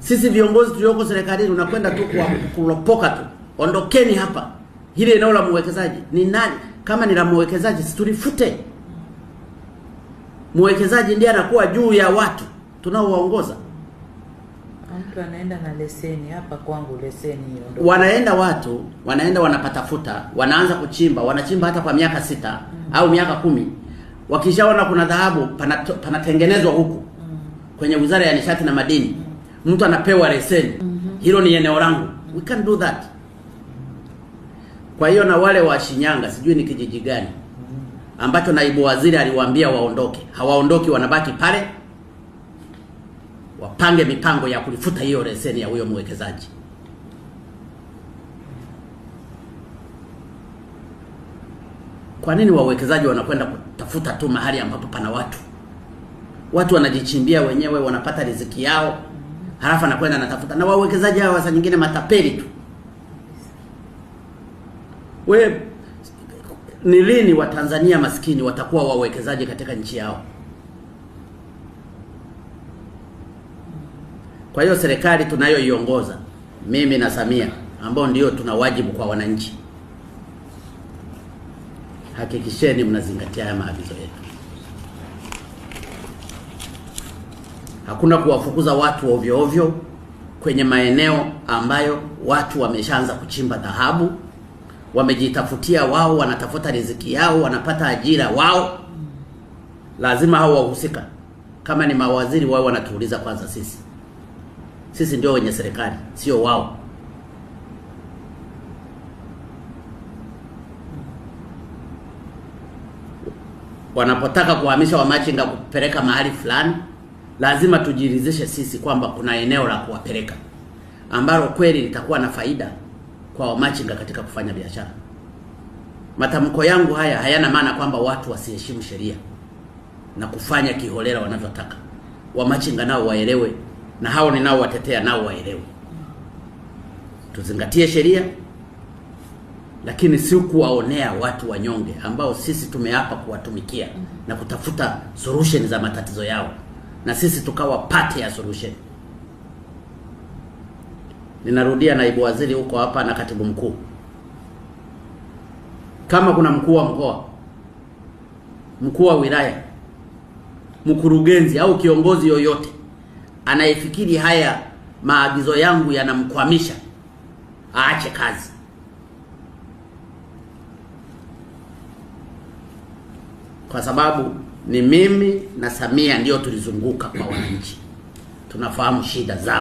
Sisi viongozi tulioko serikalini unakwenda tu kulopoka tu, ondokeni hapa. Hili eneo la mwekezaji ni nani? Kama ni la mwekezaji, situlifute. Mwekezaji ndiye anakuwa juu ya watu tunaowaongoza. Mtu anaenda na leseni hapa kwangu, leseni hiyo, wanaenda watu wanaenda wanapatafuta, wanaanza kuchimba, wanachimba hata kwa miaka sita mm au miaka kumi. Wakishaona kuna dhahabu panatengenezwa pana huku mm kwenye Wizara ya Nishati na Madini mm mtu anapewa leseni mm -hmm. hilo ni eneo langu, we can do that. Kwa hiyo na wale wa Shinyanga, sijui ni kijiji gani ambacho naibu waziri aliwaambia waondoke, hawaondoki, wanabaki pale, wapange mipango ya kulifuta hiyo leseni ya huyo mwekezaji. Kwa nini wawekezaji wanakwenda kutafuta tu mahali ambapo pana watu? Watu wanajichimbia wenyewe, wanapata riziki yao halafu anakwenda anatafuta. Na wawekezaji hawa saa nyingine matapeli tu. We, ni lini Watanzania maskini watakuwa wawekezaji katika nchi yao? Kwa hiyo serikali tunayoiongoza mimi na Samia, ambao ndio tuna wajibu kwa wananchi, hakikisheni mnazingatia haya maagizo yetu. Hakuna kuwafukuza watu ovyo ovyo kwenye maeneo ambayo watu wameshaanza kuchimba dhahabu, wamejitafutia wao, wanatafuta riziki yao, wanapata ajira wao. Lazima hao wahusika, kama ni mawaziri, wao wanatuuliza kwanza sisi. Sisi ndio wenye serikali, sio wao. Wanapotaka kuhamisha wamachinga kupeleka mahali fulani lazima tujiridhishe sisi kwamba kuna eneo la kuwapeleka ambalo kweli litakuwa na faida kwa wamachinga katika kufanya biashara. Matamko yangu haya hayana maana kwamba watu wasiheshimu sheria na kufanya kiholela wanavyotaka. Wamachinga nao waelewe, na hao ninaowatetea nao waelewe, tuzingatie sheria, lakini si kuwaonea watu wanyonge ambao sisi tumeapa kuwatumikia na kutafuta solution za matatizo yao na sisi tukawa pate ya solution. Ninarudia, naibu waziri huko hapa na katibu mkuu, kama kuna mkuu wa mkoa, mkuu wa wilaya, mkurugenzi au kiongozi yoyote anayefikiri haya maagizo yangu yanamkwamisha, aache kazi. Kwa sababu ni mimi na Samia, ndio tulizunguka kwa wananchi, tunafahamu shida zao.